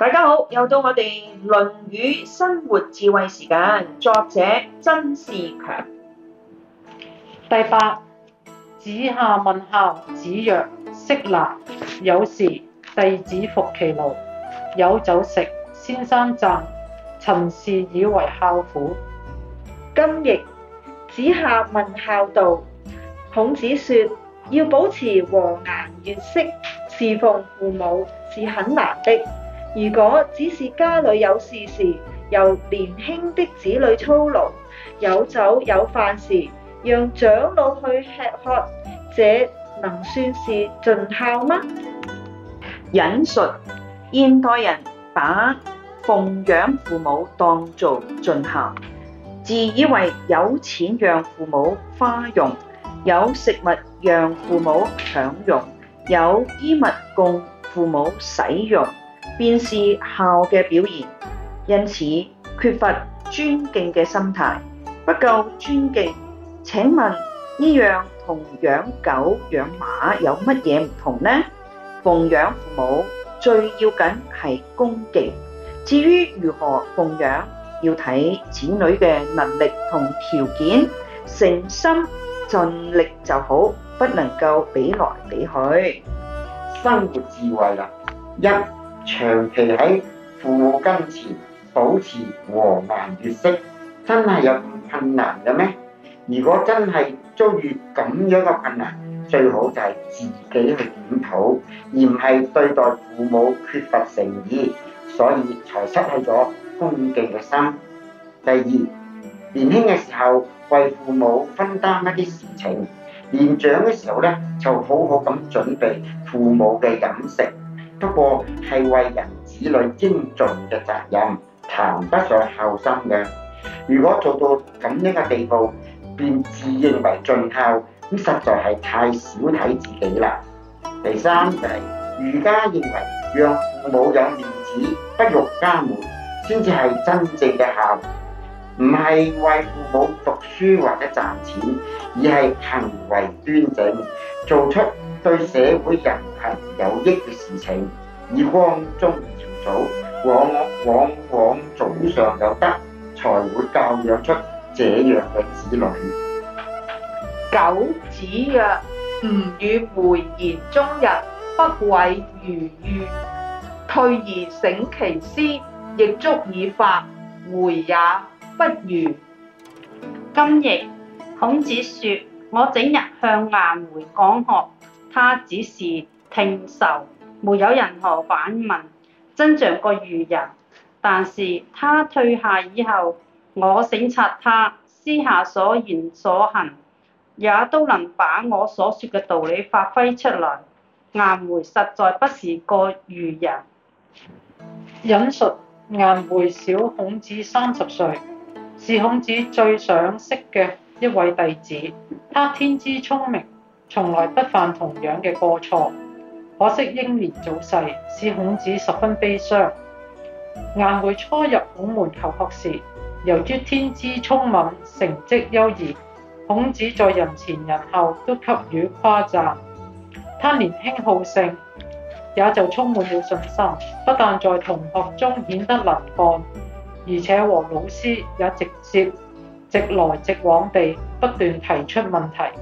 大家好，又到我哋《論語》生活智慧時間，作者曾仕強。強第八，子夏問孝，子曰：色難。有事，弟子服其勞；有酒食，先生饌。曾是以為孝乎？今譯，子夏問孝道，孔子說：要保持和顏悅色侍奉父母是很難的。如果只是家裏有事時，由年輕的子女操勞，有酒有飯時讓長老去吃喝，這能算是盡孝嗎？引述現代人把奉養父母當做盡孝，自以為有錢讓父母花用，有食物讓父母享用，有衣物供父母使用。便是孝嘅表現，因此缺乏尊敬嘅心態，不夠尊敬。請問呢樣同養狗養馬有乜嘢唔同呢？奉養父母最要緊係恭敬，至於如何奉養，要睇子女嘅能力同條件，誠心盡力就好，不能夠畀來畀去。生活智慧啦，一。.長期喺父母跟前保持和顏悅色，真係有唔困難嘅咩？如果真係遭遇咁樣嘅困難，最好就係自己去檢討，而唔係對待父母缺乏誠意，所以才失去咗恭敬嘅心。第二，年輕嘅時候為父母分擔一啲事情，年長嘅時候呢就好好咁準備父母嘅飲食。不過係為人子女應盡嘅責任，談不上孝心嘅。如果做到咁樣嘅地步，便自認為盡孝，咁實在係太小睇自己啦。第三就係儒家認為，讓父母有面子、不辱家門，先至係真正嘅孝，唔係為父母讀書或者賺錢，而係行為端正，做出，對社會人群有益嘅事情，以光宗耀祖，往往往往祖上有德，才會教養出這樣嘅子女。九子曰：吾與回言終日，不違如愚。退而省其私，亦足以發。回也不愚。今亦孔子說：我整日向顏回講學。他只是聽受，沒有任何反問，真像個愚人。但是他退下以後，我省察他私下所言所行，也都能把我所說嘅道理發揮出來。顏回實在不是個愚人。引述顏回小孔子三十歲，是孔子最賞識嘅一位弟子，他天資聰明。從來不犯同樣嘅過錯，可惜英年早逝，使孔子十分悲傷。顏回初入孔門求學時，由於天資聰敏，成績優異，孔子在人前人後都給予誇讚。他年輕好勝，也就充滿了信心，不但在同學中顯得能幹，而且和老師也直接直來直往地不斷提出問題。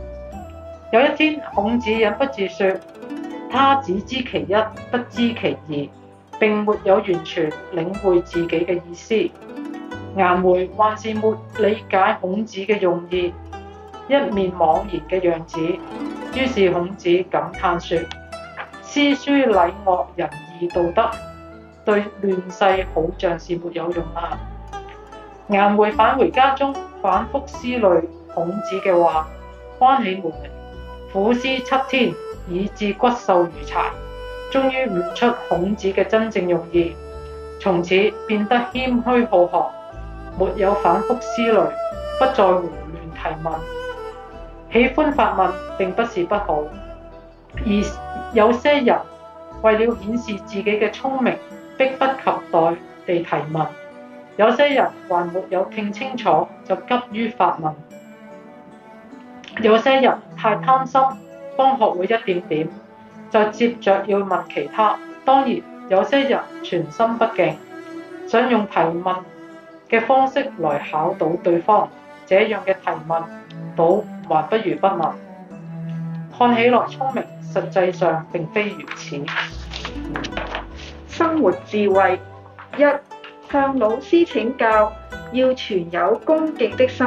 有一天，孔子忍不住說，他只知其一，不知其二，並沒有完全領會自己嘅意思。顏回還是沒理解，孔子嘅用意，一面惘然嘅樣子。於是孔子感嘆說，詩書禮樂仁義道德，對亂世好像是沒有用啊。顏回返回家中，反覆思慮孔子嘅話，關起門嚟。苦思七天，以致骨瘦如柴，終於悟出孔子嘅真正用意。從此變得謙虛好學，沒有反覆思慮，不再胡亂提問。喜歡發問並不是不好，而有些人為了顯示自己嘅聰明，迫不及待地提問；有些人還沒有聽清楚就急於發問；有些人太貪心，剛學會一點點，再接著要問其他。當然，有些人全心不敬，想用提問嘅方式來考倒對方。這樣嘅提問倒，倒還不如不問。看起來聰明，實際上並非如此。生活智慧一，向老師請教要存有恭敬的心，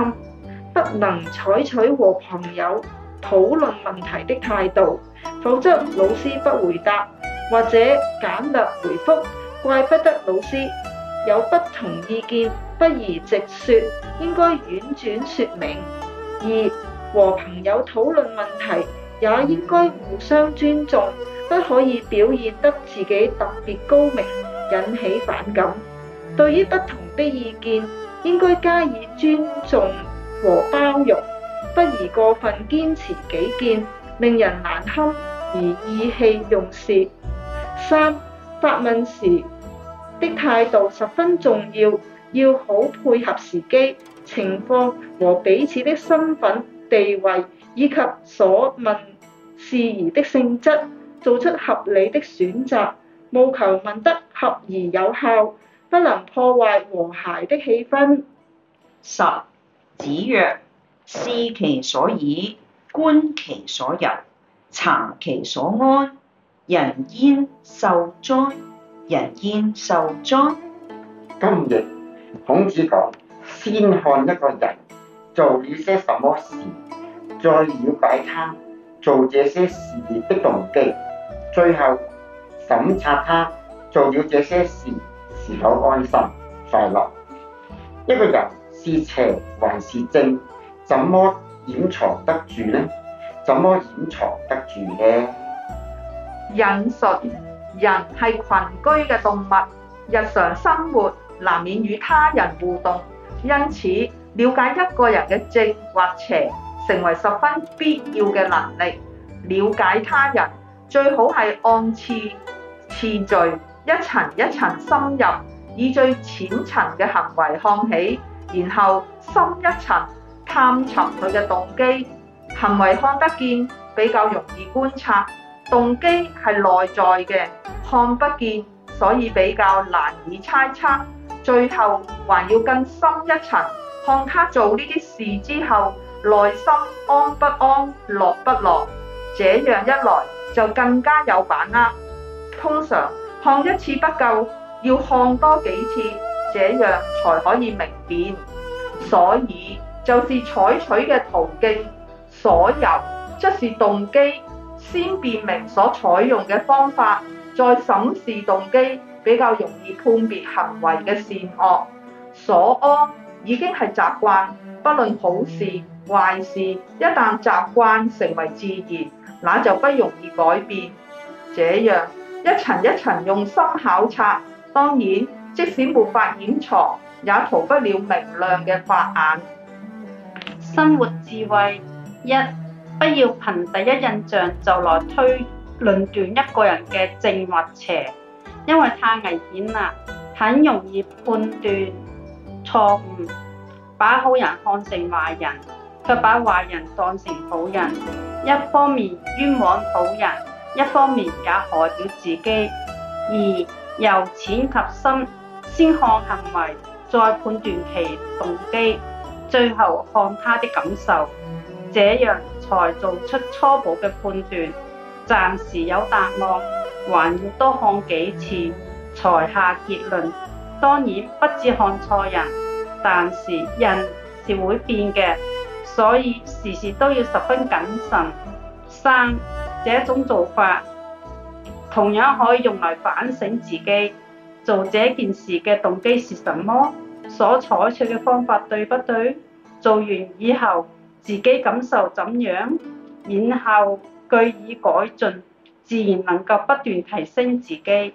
不能採取和朋友。討論問題的態度，否則老師不回答或者簡略回復。怪不得老師有不同意見，不如直說，應該婉轉說明。二、和朋友討論問題，也應該互相尊重，不可以表現得自己特別高明，引起反感。對於不同的意見，應該加以尊重和包容。不宜過分堅持己見，令人難堪，而意氣用事。三、發問時的態度十分重要，要好配合時機、情況和彼此的身份地位以及所問事宜的性質，做出合理的選擇，務求問得合而有效，不能破壞和諧的氣氛。十、子曰。視其所以，觀其所由，察其所安。人焉受哉？人焉受哉？今日孔子講：先看一個人做了些什麼事，再了解他做這些事的動機，最後審察他做了這些事是否安心快樂。一個人是邪還是正？怎麼掩藏得住呢？怎麼掩藏得住呢？引述，人係群居嘅動物，日常生活難免與他人互動，因此了解一個人嘅正或邪，成為十分必要嘅能力。了解他人最好係按次次序一層一層深入，以最淺層嘅行為看起，然後深一層。探尋佢嘅動機。行為看得見，比較容易觀察；動機係內在嘅，看不見，所以比較難以猜測。最後還要更深一層，看他做呢啲事之後，內心安不安、樂不樂。這樣一來就更加有把握。通常看一次不夠，要看多幾次，這樣才可以明辨。所以。就是採取嘅途徑，所由即是動機，先辨明所採用嘅方法，再審視動機，比較容易判別行為嘅善惡。所安已經係習慣，不論好事壞事，一旦習慣成為自然，那就不容易改變。這樣一層一層用心考察，當然即使沒法掩藏，也逃不了明亮嘅法眼。生活智慧一，不要憑第一印象就來推論斷一個人嘅正或邪，因為太危險啦、啊，很容易判斷錯誤，把好人看成壞人，卻把壞人當成好人，一方面冤枉好人，一方面也害了自己。二，由淺及深，先看行為，再判斷其動機。最後看他的感受，這樣才做出初步嘅判斷。暫時有答案，還要多看幾次才下結論。當然不止看錯人，但是人是會變嘅，所以時時都要十分謹慎。三，這種做法同樣可以用嚟反省自己，做這件事嘅動機是什麼？所採取嘅方法對不對？做完以後，自己感受怎樣，然後據以改進，自然能夠不斷提升自己。